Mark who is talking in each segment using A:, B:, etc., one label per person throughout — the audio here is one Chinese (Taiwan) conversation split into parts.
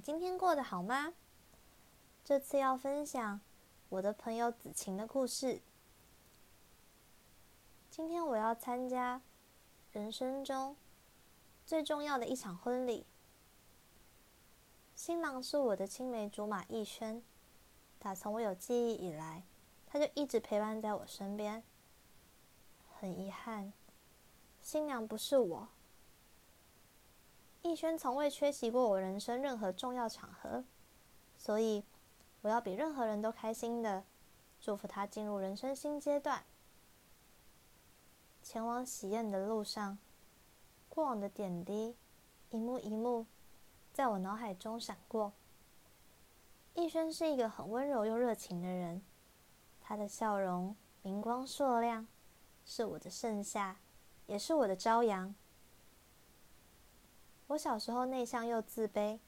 A: 今天過得好嗎？這次要分享我的朋友子晴的故事。今天我要參加人生中最重要的一場婚禮。新郎是我的青梅竹馬逸軒，打從我有記憶以來，他就一直陪伴在我身邊。很遺憾，新娘不是我。逸軒從未缺席過我人生任何重要場合，所以我要比任何人都開心的祝福他進入人生新階段。前往喜宴的路上，過往的點滴一幕一幕在我腦海中閃過。逸軒是一個很溫柔又熱情的人，他的笑容明光爍亮，是我的盛夏，也是我的朝陽。我小時候內向又自卑，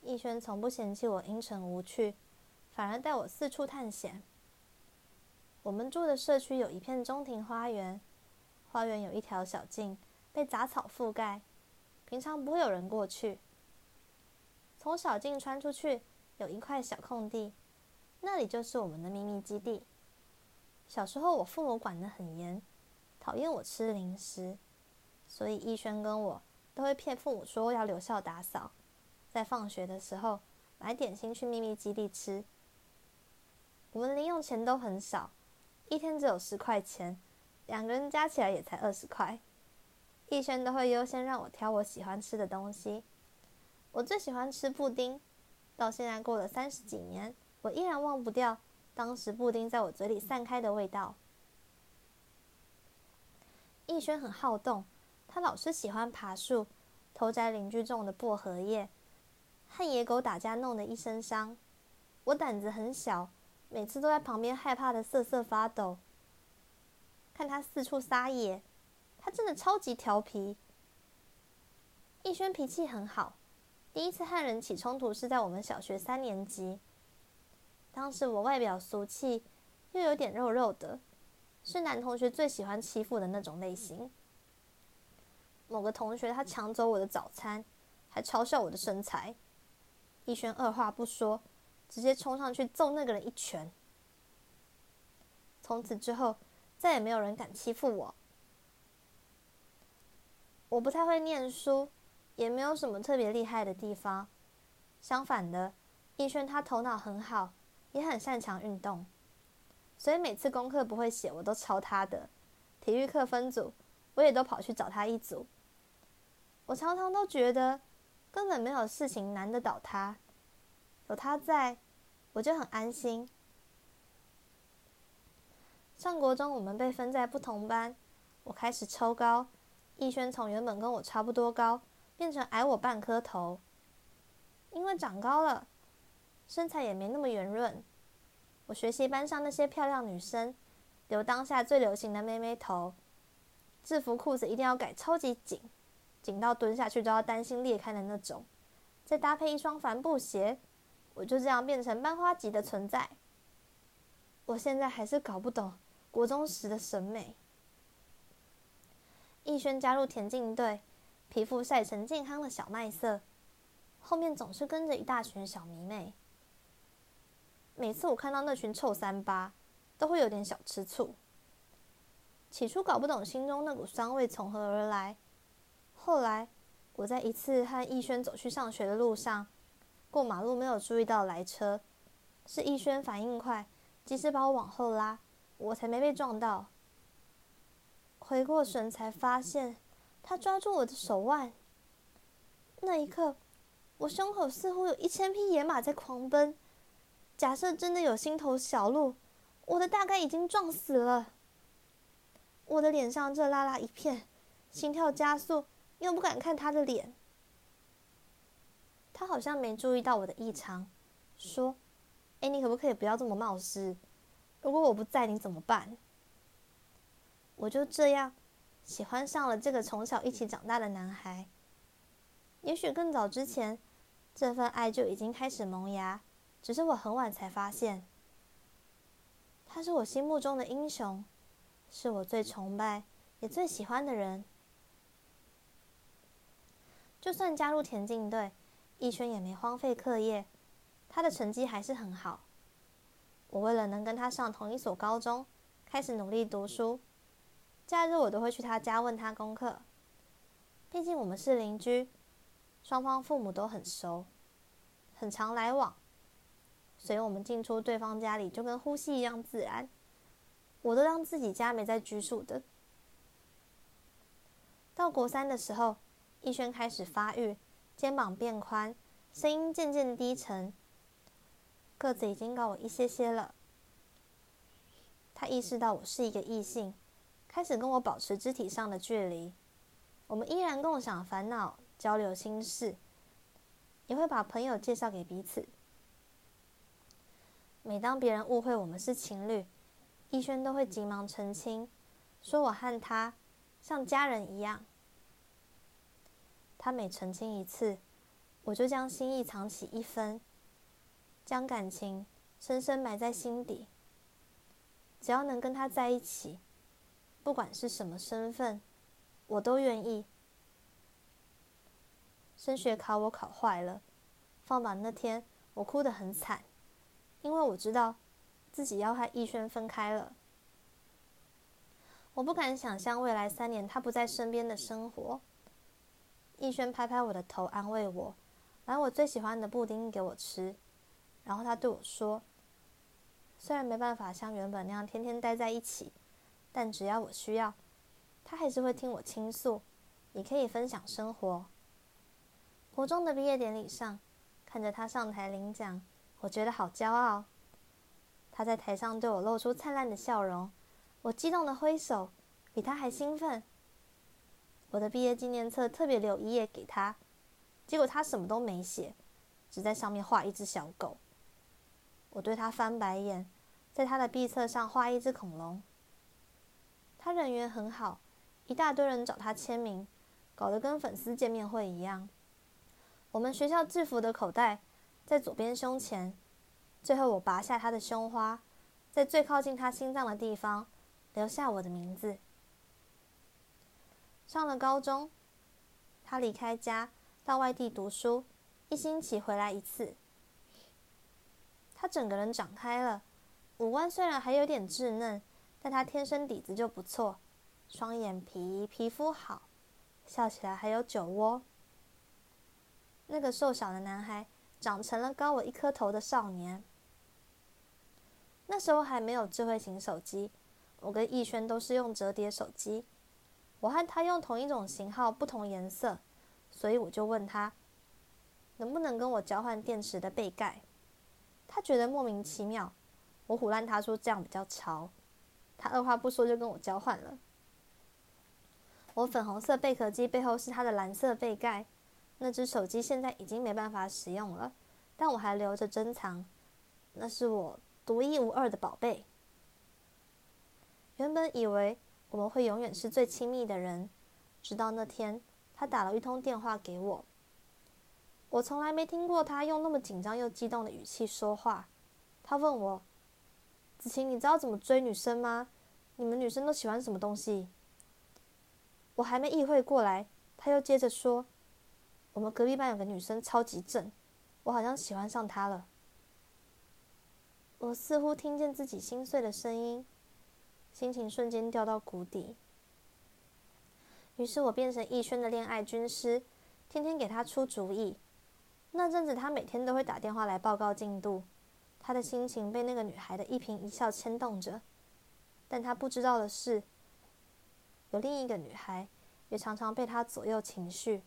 A: 逸軒從不嫌棄我陰沉無趣，反而帶我四處探險。我們住的社區有一片中庭花園，花園有一條小徑，被雜草覆蓋，平常不會有人過去。從小徑穿出去，有一塊小空地，那裡就是我們的秘密基地。小時候我父母管得很嚴，討厭我吃零食，所以逸軒跟我都會騙父母說要留校打掃，在放學的時候買點心去秘密基地吃。我們零用錢都很少，一天只有十塊錢，兩個人加起來也才二十塊。逸軒都會優先讓我挑我喜歡吃的東西，我最喜歡吃布丁，到現在過了三十幾年，我依然忘不掉當時布丁在我嘴裡散開的味道。逸軒很好動。他老是喜歡爬樹，偷摘鄰居種的薄荷葉，和野狗打架，弄得一身傷。我膽子很小，每次都在旁邊害怕得瑟瑟發抖。看他四處撒野，他真的超級調皮。逸軒脾氣很好，第一次和人起衝突是在我們小學三年級。當時我外表俗氣，又有點肉肉的，是男同學最喜歡欺負的那種類型。某個同學他搶走我的早餐，還嘲笑我的身材。逸軒二話不說，直接衝上去揍那個人一拳。從此之後，再也沒有人敢欺負我。我不太會念書，也沒有什麼特別厲害的地方。相反的，逸軒他頭腦很好，也很擅長運動，所以每次功課不會寫，我都抄他的。體育課分組，我也都跑去找他一組。我常常都覺得，根本沒有事情難得倒他。有他在，我就很安心。上國中我們被分在不同班，我開始抽高，逸軒從原本跟我差不多高，變成矮我半顆頭。因為長高了，身材也沒那麼圓潤。我學習班上那些漂亮女生，留當下最流行的妹妹頭，制服褲子一定要改超級緊。緊到蹲下去都要擔心裂開的那種，再搭配一雙帆布鞋，我就這樣變成班花級的存在。我現在還是搞不懂國中時的審美。逸軒加入田徑隊，皮膚曬成健康的小麥色，後面總是跟着一大群小迷妹。每次我看到那群臭三八，都會有點小吃醋。起初搞不懂心中那股酸味從何而來。後來，我在一次和逸軒走去上學的路上，過馬路沒有注意到來車，是逸軒反應快，及時把我往後拉，我才沒被撞到。回過神才發現，他抓住我的手腕。那一刻，我胸口似乎有一千匹野馬在狂奔。假設真的有心頭小鹿，我的大概已經撞死了。我的臉上熱辣辣一片，心跳加速。又不敢看他的臉。他好像沒注意到我的異常，說：“哎，你可不可以不要這麼冒失？如果我不在，你怎麼辦？”我就這樣，喜歡上了這個從小一起長大的男孩。也許更早之前，這份愛就已經開始萌芽，只是我很晚才發現。他是我心目中的英雄，是我最崇拜也最喜歡的人。就算加入田徑隊，逸軒也沒荒廢課業，他的成績還是很好。我為了能跟他上同一所高中，開始努力讀書。假日我都會去他家問他功課，畢竟我們是鄰居，雙方父母都很熟，很常來往，所以我們進出對方家裡就跟呼吸一樣自然。我都當自己家沒在拘束的。到國三的時候。逸軒開始發育，肩膀變寬，聲音漸漸低沉，個子已經高我一些些了。他意識到我是一個異性，開始跟我保持肢體上的距離。我們依然共享煩惱，交流心事，也會把朋友介紹給彼此。每當別人誤會我們是情侶，逸軒都會急忙澄清，說我和他像家人一樣。他每澄清一次，我就將心意藏起一分，將感情深深埋在心底。只要能跟他在一起，不管是什麼身份，我都願意。升學考我考壞了，放榜那天我哭得很慘，因為我知道自己要和逸軒分開了。我不敢想象未來三年他不在身邊的生活。逸軒拍拍我的頭，安慰我，拿我最喜歡的布丁給我吃，然後他對我說：“雖然沒辦法像原本那樣天天待在一起，但只要我需要，他還是會聽我傾訴，也可以分享生活。”國中的畢業典禮上，看着他上台領獎，我覺得好驕傲。他在台上對我露出燦爛的笑容，我激動的揮手，比他還興奮。我的畢業紀念冊特別留一頁給他，結果他什麼都沒寫，只在上面畫一隻小狗。我對他翻白眼，在他的畢業冊上畫一隻恐龍。他人緣很好，一大堆人找他簽名，搞得跟粉絲見面會一樣。我們學校制服的口袋在左邊胸前，最後我拔下他的胸花，在最靠近他心臟的地方留下我的名字。上了高中，他離開家到外地讀書，一星期回來一次。他整個人長開了，五官雖然還有點稚嫩，但他天生底子就不錯，雙眼皮，皮膚好，笑起來還有酒窩。那個瘦小的男孩長成了高我一顆頭的少年。那時候還沒有智慧型手機，我跟逸軒都是用摺疊手機。我和他用同一種型號，不同顏色，所以我就問他能不能跟我交換電池的背蓋。他覺得莫名其妙，我唬爛他說這樣比較潮，他二話不說就跟我交換了。我粉紅色貝殼機背後是他的藍色背蓋，那隻手機現在已經沒辦法使用了，但我還留着珍藏，那是我獨一無二的寶貝。原本以為。我們會永遠是最親密的人，直到那天，他打了一通電話給我。我從來沒聽過他用那麼緊張又激動的語氣說話。他問我：“子晴，你知道怎麼追女生嗎？你們女生都喜歡什麼東西？”我還沒意會過來，他又接着說：“我們隔壁班有個女生超級正，我好像喜歡上她了。”我似乎聽見自己心碎的聲音。心情瞬間掉到谷底。於是我變成逸軒的戀愛軍師，天天給他出主意。那陣子，他每天都會打電話來報告進度，他的心情被那個女孩的一顰一笑牽動着。但他不知道的是，有另一個女孩也常常被他左右情緒。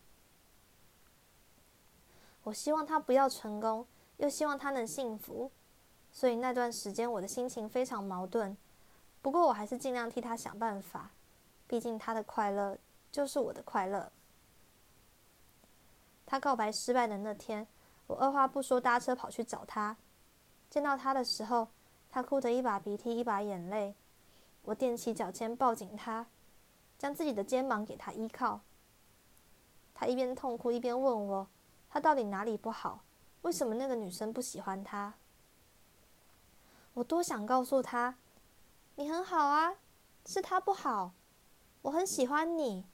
A: 我希望他不要成功，又希望他能幸福，所以那段時間我的心情非常矛盾。不過我還是盡量替他想辦法，畢竟他的快樂就是我的快樂。他告白失敗的那天，我二話不說搭車跑去找他。見到他的時候，他哭得一把鼻涕一把眼淚。我踮起腳尖抱緊他，將自己的肩膀給他依靠。他一邊痛哭一邊問我，他到底哪裡不好？為什麼那個女生不喜歡他？我多想告訴他。你很好啊，是他不好，我很喜歡你，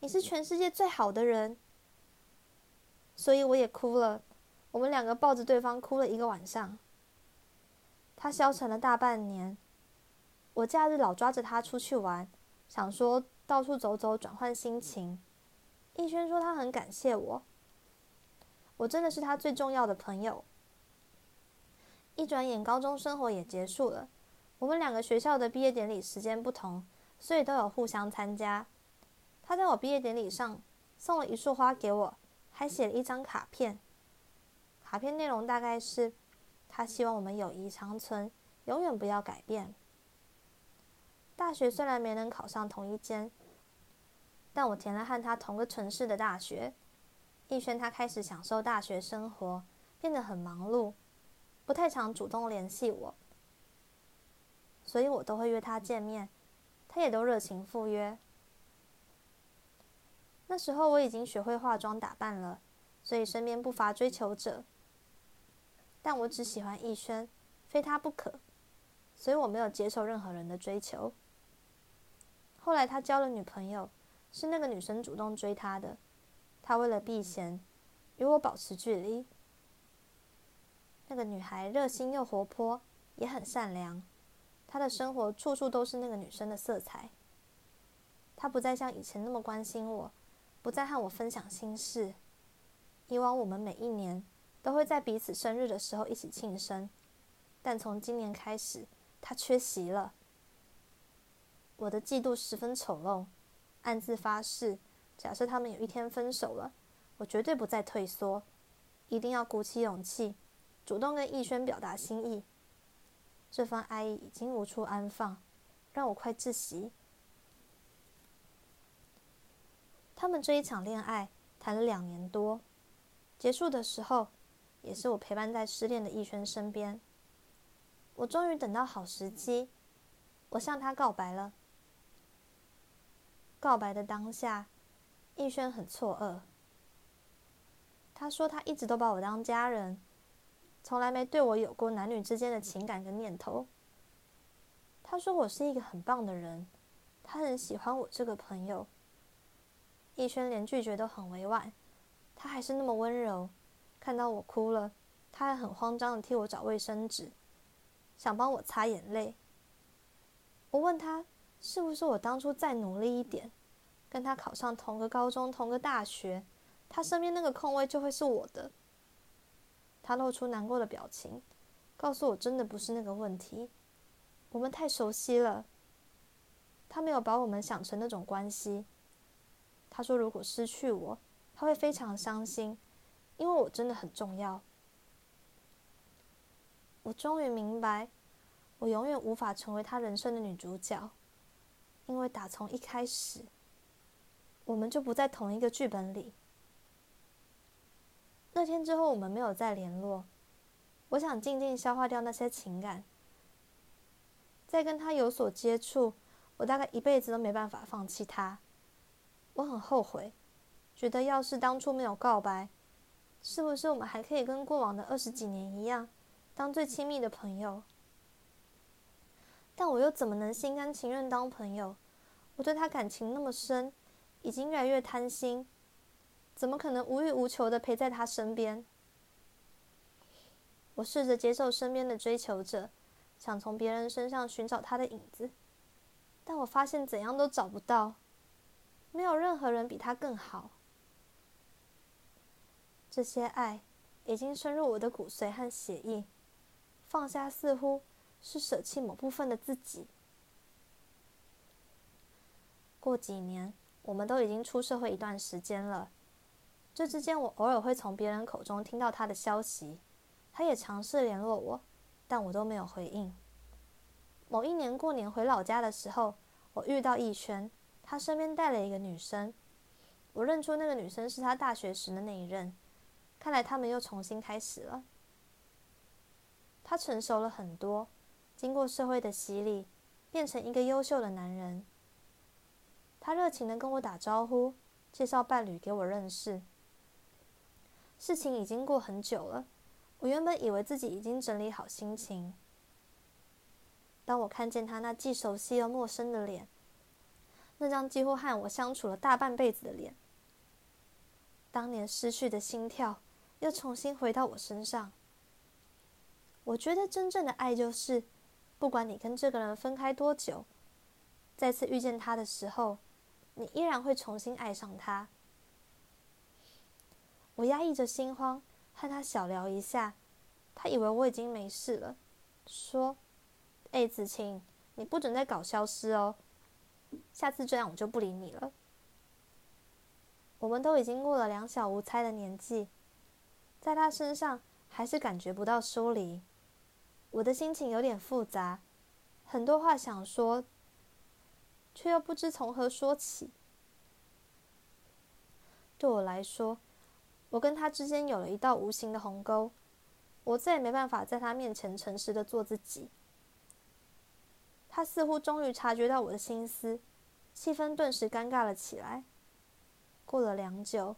A: 你是全世界最好的人。所以我也哭了，我們兩個抱着對方哭了一個晚上。他消沉了大半年，我假日老抓着他出去玩，想說到處走走，轉換心情。逸軒說他很感謝我，我真的是他最重要的朋友。一轉眼，高中生活也結束了。我們兩個學校的畢業典禮時間不同，所以都有互相參加。他在我畢業典禮上送了一束花給我，還寫了一張卡片。卡片內容大概是他希望我們友誼長存，永遠不要改變。大學雖然沒能考上同一間，但我填了和他同個城市的大學。逸軒他開始享受大學生活，變得很忙碌，不太常主動聯繫我。所以我都會約他見面，他也都熱情赴約。那時候，我已經學會化妝打扮了，所以身邊不乏追求者，但我只喜歡逸軒，非他不可，所以我沒有接受任何人的追求。後來他交了女朋友，是那個女生主動追他的，他為了避嫌，與我保持距離。那個女孩熱心又活潑，也很善良。他的生活處處都是那個女生的色彩。他不再像以前那麼關心我，不再和我分享心事。以往我們每一年都會在彼此生日的時候一起慶生，但從今年開始，他缺席了。我的嫉妒十分醜陋，暗自發誓：假設他們有一天分手了，我絕對不再退縮，一定要鼓起勇氣，主動跟逸軒表達心意。這份愛意已經無處安放，讓我快窒息。他們這一場戀愛談了兩年多，結束的時候，也是我陪伴在失戀的奕軒身邊。我終於等到好時機，我向他告白了。告白的當下，奕軒很錯愕。他說他一直都把我當家人。從來沒對我有過男女之間的情感跟念頭。他說我是一個很棒的人，他很喜歡我這個朋友。逸軒連拒絕都很委婉，他還是那麼溫柔。看到我哭了，他還很慌張的替我找衛生紙，想幫我擦眼淚。我問他，是不是我當初再努力一點，跟他考上同個高中、同個大學，他身邊那個空位就會是我的？他露出難過的表情，告訴我真的不是那個問題。我們太熟悉了，他沒有把我們想成那種關係。他說如果失去我，他會非常傷心，因為我真的很重要。我終於明白，我永遠無法成為他人生的女主角，因為打從一開始，我們就不在同一個劇本裡。那天之後，我們沒有再聯絡。我想靜靜消化掉那些情感，再跟他有所接觸，我大概一輩子都沒辦法放棄他。我很後悔，覺得要是當初沒有告白，是不是我們還可以跟過往的二十幾年一樣，當最親密的朋友？但我又怎麼能心甘情願當朋友？我對他感情那麼深，已經越來越貪心。怎麼可能無欲無求的陪在他身邊？我試着接受身邊的追求者，想從別人身上尋找他的影子，但我發現怎樣都找不到，沒有任何人比他更好。這些愛已經深入我的骨髓和血液，放下似乎是捨棄某部分的自己。過幾年，我們都已經出社會一段時間了。這之間，我偶爾會從別人口中聽到他的消息，他也嘗試聯絡我，但我都沒有回應。某一年過年回老家的時候，我遇到逸軒，他身邊帶了一個女生，我認出那個女生是他大學時的那一任，看來他們又重新開始了。他成熟了很多，經過社會的洗禮，變成一個優秀的男人。他熱情地跟我打招呼，介紹伴侶給我認識。事情已經過很久了，我原本以為自己已經整理好心情。當我看見他那既熟悉又陌生的臉，那張幾乎和我相處了大半輩子的臉，當年失序的心跳又重新回到我身上。我覺得真正的愛就是，不管你跟這個人分開多久，再次遇見他的時候，你依然會重新愛上他。我壓抑着心慌，和他小聊一下。他以為我已經沒事了，說：“哎，子晴，你不准再搞消失哦，下次這樣我就不理你了。”我們都已經過了兩小無猜的年紀，在他身上還是感覺不到疏離。我的心情有點複雜，很多話想說，卻又不知從何說起。對我來說，我跟他之間有了一道無形的鴻溝，我再也沒辦法在他面前誠實的做自己。他似乎終於察覺到我的心思，氣氛頓時尷尬了起來。過了良久，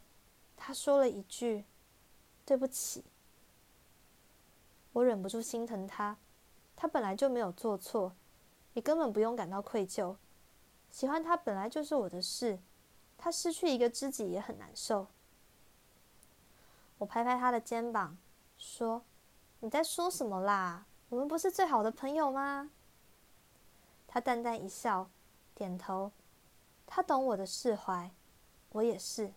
A: 他說了一句：“對不起。”我忍不住心疼他，他本來就沒有做錯，也根本不用感到愧疚。喜歡他本來就是我的事，他失去一個知己也很難受。我拍拍他的肩膀，說：“你在說什麼啦？我們不是最好的朋友嗎？”他淡淡一笑，點頭。他懂我的釋懷，我也是。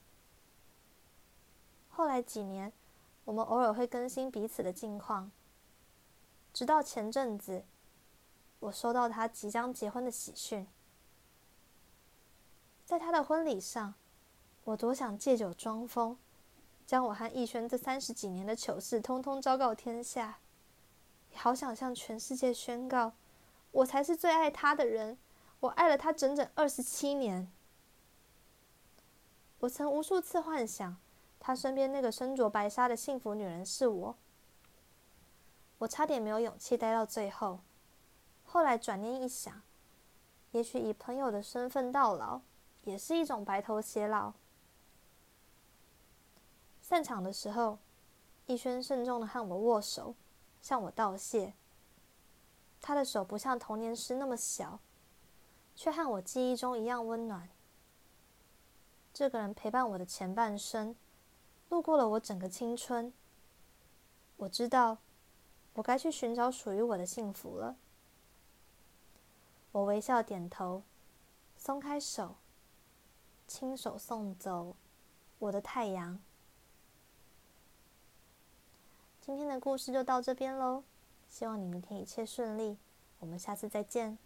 A: 後來幾年，我們偶爾會更新彼此的近況。直到前陣子，我收到他即將結婚的喜訊。在他的婚禮上，我多想借酒裝瘋。將我和逸軒這三十幾年的糗事通通昭告天下，好想向全世界宣告，我才是最愛他的人，我愛了他整整二十七年。我曾無數次幻想，他身邊那個身着白紗的幸福女人是我，我差點沒有勇氣待到最後。後來轉念一想，也許以朋友的身份到老，也是一種白頭偕老。散場的時候，逸軒慎重的和我握手，向我道謝。他的手不像童年時那麼小，却和我記憶中一樣溫暖。這個人陪伴我的前半生，路過了我整個青春。我知道，我該去尋找屬於我的幸福了。我微笑點頭，鬆開手，親手送走我的太陽。今天的故事就到這邊嘍，希望你明天一切順利，我們下次再見。